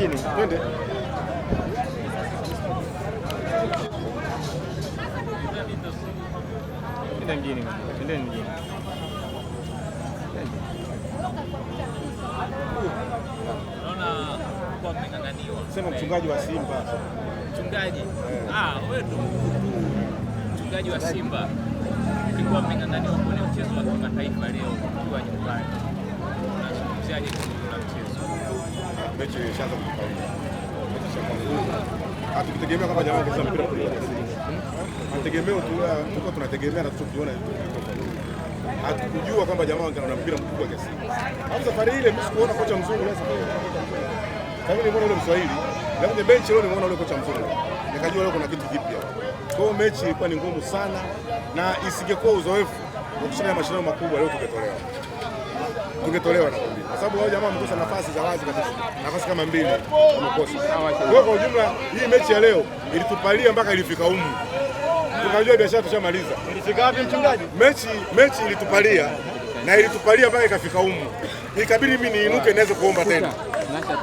nyingine, twende. Sema mchungaji wa Simba. Mchungaji. Eh. Ah, wewe ndio mchungaji wa Simba ulikuwa mnang'ania kuona mchezo wa kimataifa leo ukiwa nyumbani. Unazungumziaje kuhusu mchezo? mechi imeshaanza kufaulu, hatukutegemea kwamba jamaa angecheza mpira kwa kasi, mategemeo ah, tulikuwa tunategemea na tulichokiona hatukujua kwamba jamaa ana mpira mkubwa kiasi. Hapo safari ile mimi sikuona kocha mzungu leo. Kama nimeona yule Mswahili, na kwenye bench leo nimeona yule kocha mzungu. Nikajua leo kuna kitu kipya. Kwa hiyo mechi ilikuwa ni ngumu sana na isingekuwa uzoefu wa kushindana mashindano makubwa leo tungetolewa. Tungetolewa na kwa sababu wao jamaa wamekosa nafasi za wazi kabisa, nafasi kama mbili wamekosa. Kwa kwa ujumla, hii mechi ya leo ilitupalia mpaka ilifika humu, tukajua biashara tushamaliza. Ilifika wapi mchungaji? Mechi mechi ilitupalia na ilitupalia mpaka ikafika humu, ikabidi mimi niinuke niweze kuomba tena.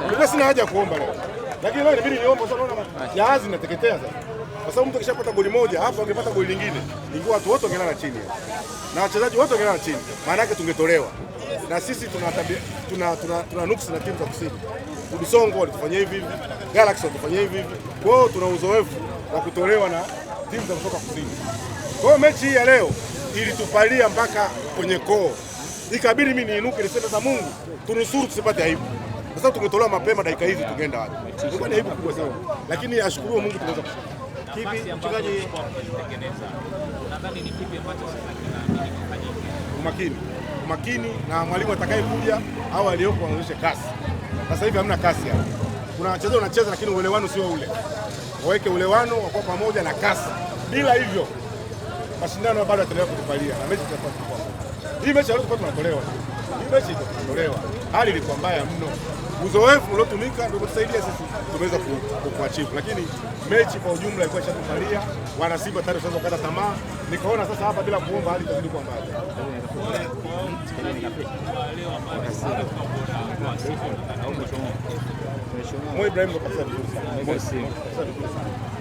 Nilikuwa sina haja kuomba leo, lakini leo inabidi niombe, kwa sababu naona jahazi inateketea sasa kwa sababu mtu akishapata goli moja hapo, angepata goli lingine, ingekuwa watu wote wangelala chini na wachezaji wote wangelala chini, maana yake tungetolewa na sisi tuna, tuna, tuna, tuna nuksi na timu za kusini. Udisongo walitufanyia hivi hivi, Galaxy walitufanyia hivi hivi, kwa hiyo tuna uzoefu wa kutolewa na timu za kutoka kusini. Kwa hiyo mechi hii ya leo ilitupalia mpaka kwenye koo, ikabidi mimi niinuke niseme za Mungu tunusuru tusipate aibu. Sasa tungetolewa mapema dakika hizi tungeenda wapi? Ilikuwa ni aibu kubwa sana, lakini ashukuru Mungu tunaweza kushinda. Kipi mchezaji umakini makini na mwalimu atakayekuja au aliyoko aonyeshe kasi. Sasa hivi hamna kasi hapa, kuna wachezaji wanacheza, lakini uelewano sio ule. Waweke uelewano wa kuwa pamoja na kasi, bila hivyo mashindano bado yataendelea kutupalia na mechi tutakuwa hii mechi tunatolewa, hii mechi itatolewa hali ilikuwa mbaya mno. Uzoefu uliotumika ndio kutusaidia sisi tumeweza kuachivu, lakini mechi kwa ujumla ilikuwa ishatukalia. Wana Simba tayari sasa kukata tamaa, nikaona sasa hapa bila kuomba hali itazidi kuwa mbaya. Mo Ibrahim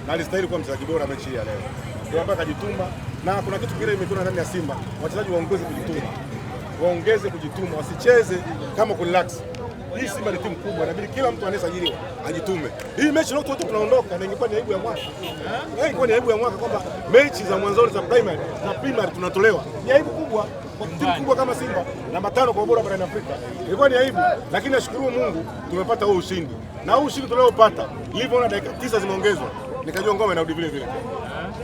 na alistahili kuwa mchezaji bora mechi ya leo, ndio ambaye akajituma, na kuna kitu kile imekuwa ndani ya Simba wachezaji waongozi kujituma waongeze kujituma, wasicheze kama kurelax. Hii Simba ni timu kubwa, nabidi kila mtu anayesajiliwa ajitume. Hii mechi leo wote tunaondoka, na ingekuwa ni aibu ya mwaka, ingekuwa ni aibu ya mwaka kwamba mechi za mwanzoni za primary za primary tunatolewa. Ni aibu kubwa kwa timu kubwa kama Simba namba tano kwa ubora barani Afrika, ilikuwa ni aibu, lakini nashukuru Mungu tumepata huu ushindi, na huu ushindi tuliopata, nilivyoona dakika tisa zimeongezwa nikajua ngoma inarudi vile vile,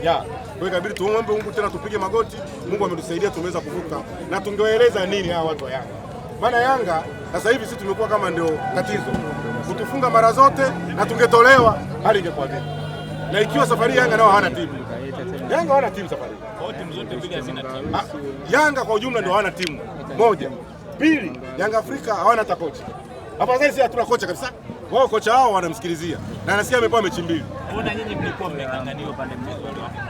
yeah hiyo ikabidi tuombe Mungu tena tupige magoti. Mungu ametusaidia tumeweza kuvuka, na tungewaeleza nini hawa watu wa Yanga? Maana Yanga sasa hivi sisi tumekuwa kama ndio tatizo, kutufunga mara zote, na tungetolewa hali ingekuwa vipi? Na ikiwa safari Yanga nao hawana timu, Yanga hawana timu safari timu. Ah, Yanga kwa ujumla ndio hawana timu moja. Pili, Yanga Afrika hawana hata kocha hapa. Sasa sisi hatuna kocha kabisa wao kocha wao wanamsikilizia na nasikia amepewa mechi mbili. Mbona nyinyi mlikuwa mmekanganiwa pale mmoja wa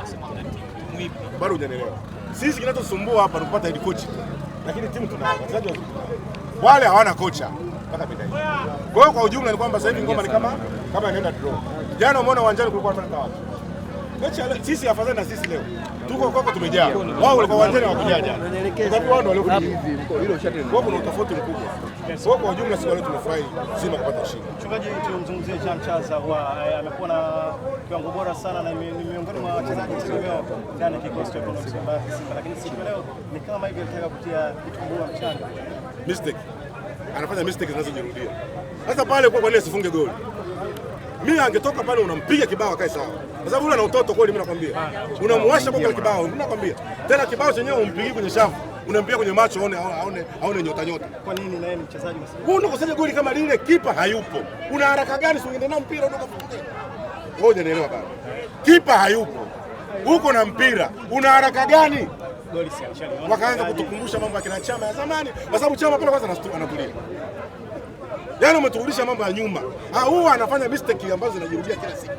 bado hujanielewa. Sisi kinachosumbua hapa ni kupata head coach, lakini timu tuna wachezaji wazuri, wale hawana kocha mpaka penda hivi. Kwa hiyo kwa ujumla ni kwamba sasa hivi ngoma ni kama kama inaenda draw. Jana umeona uwanjani kulikuwa watu watu sisi afadhali na sisi leo tuko kwako, tumejaa. Wao walikuwa wanjani wakujaja, kwa wao walikuwa hivi. Hilo shati ni kuna utofauti mkubwa kwa kwa jumla. Siku leo tumefurahi Simba kupata shingo. Mchungaji, tumzungumzie Jean Chaza, eh, amekuwa na kiwango bora sana na miongoni mwa wachezaji tegemeo ndani kikosi cha Simba, lakini siku leo ni kama hivi alitaka kutia kitumbua mchanga, mistake anafanya mistake zinazojirudia. Sasa pale kwa kwa nini asifunge goli? mimi angetoka pale unampiga kibao akae sawa, kwa sababu yule ana utoto kweli. Mimi nakwambia, unamwasha kwa kibao. Mimi nakwambia tena, kibao chenyewe umpigi kwenye shavu, unampiga kwenye macho, aone aone aone nyota nyota. Kwa nini? Na yeye mchezaji msanii, wewe unakosaje goli kama lile? Kipa hayupo, una haraka gani? Si ungeenda na mpira unakofukuza wewe, hujanielewa baba. Kipa hayupo, huko na mpira, una haraka gani? Goli si Wakaanza kutukumbusha mambo ya kina Chama ya zamani, kwa sababu Chama pale kwanza anatulia Yaani umeturudisha mambo ya nyuma. Ah, huwa anafanya mistake ambazo zinajirudia kila siku.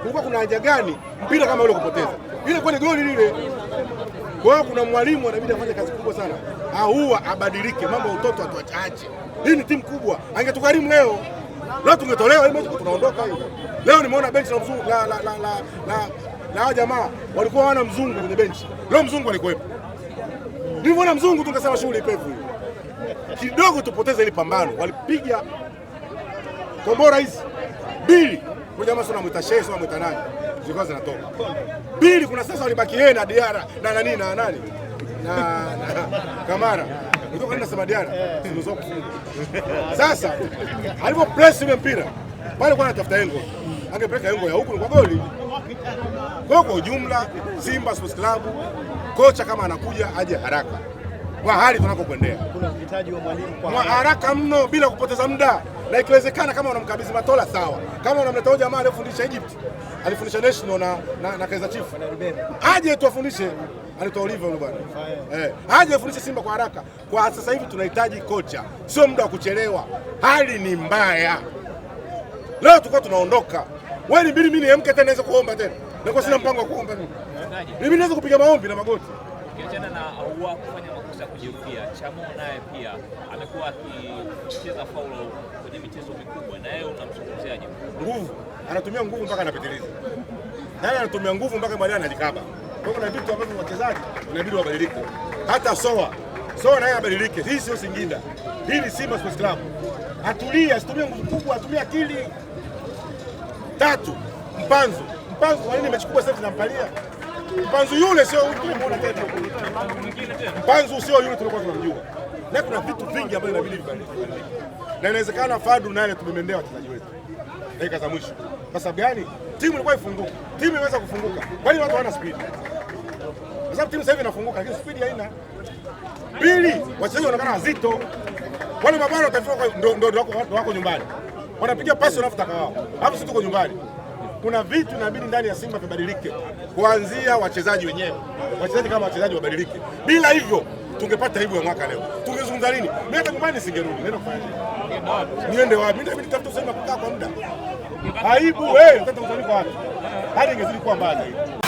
Kulikuwa kuna haja gani mpira kama ule kupoteza? Ile kwani goli lile. Kwa hiyo kuna mwalimu anabidi afanye kazi kubwa sana. Ah, huwa abadilike, mambo ya utoto atuachaje. Hii ni timu kubwa. Angetugharimu leo. Leo tungetolewa hii mechi tunaondoka hii. Leo nimeona benchi la mzungu la la la la la la jamaa walikuwa wana mzungu kwenye benchi. Leo mzungu alikuwepo. na mzungu tungesema shughuli ipevu hii kidogo tupoteze ile pambano. Walipiga kombora hizi mbili kwenye maso na mwita shehe na mwita nani zilikuwa zinatoka mbili, kuna sasa walibaki yeye na Diara na nani na nani na, na Kamara nasema Diara sasa alipo press ile mpira pale kwa anatafuta engo angepeleka engo ya huku kwa goli. Kwa kwa ujumla Simba Sports Club kocha kama anakuja aje haraka kwa hali tunakokwendea kuna uhitaji wa mwalimu kwa haraka mno bila kupoteza muda, na ikiwezekana kama unamkabidhi Matola sawa, kama unamleta hoja jamaa aliyefundisha Egypt, alifundisha National na, na, na Kaizer Chiefs, aje tuwafundishe alitoa Oliva yule bwana eh, aje afundishe Simba kwa haraka. Kwa sasa hivi tunahitaji kocha, sio muda wa kuchelewa. Hali ni mbaya, leo tulikuwa tunaondoka, wewe ni mbili, mimi niamke tena naweza kuomba tena, na sina mpango wa kuomba mimi, mimi naweza kupiga maombi na magoti Ukiachana na Ahoua kufanya makosa ya kujirudia, Chamou naye pia amekuwa akicheza faulo kwenye michezo mikubwa, na yeye unamzungumziaje? Nguvu, anatumia nguvu mpaka anapitiliza, naye anatumia nguvu mpaka baadaye anajikaba. Kwa hiyo kuna vitu ambavyo wachezaji inabidi wabadilike, hata Soa Soa naye abadilike. Hii sio Singida, hii ni Simba Sports Club. Atulie, asitumie nguvu kubwa, atumie akili. Tatu, Mpanzu. Mpanzu kwa nini mechi kubwa sasa tunampalia? Mpanzu yule sio tulimuona tena, Mpanzu sio yule tulikuwa tunamjua, na kuna vitu vingi ambavyo inabidi vibadilike, na inawezekana Fadu naye tumemendea wachezaji wetu dakika za mwisho. Kwa sababu gani? Timu ilikuwa ifunguka, timu imeweza kufunguka, kwani watu hawana spidi? Kwa sababu timu sasa hivi inafunguka, lakini spidi haina. Pili, wachezaji wanaonekana wazito, wale mabara watafika, ndo wako nyumbani, wanapiga pasi wanafuta kawao, hapo sisi tuko nyumbani kuna vitu inabidi ndani ya Simba vibadilike, kuanzia wachezaji wenyewe. Wachezaji kama wachezaji wabadilike, bila hivyo tungepata aibu ya mwaka leo. Tungezungumza nini? Mimi hata nyumbani singerudi, nenda kufanya niende wapi? Mimi nabidi tafuta sehemu kukaa kwa muda. Aibu wewe, utataka kuzalika wapi? Hadi ingezidi kuwa mbaya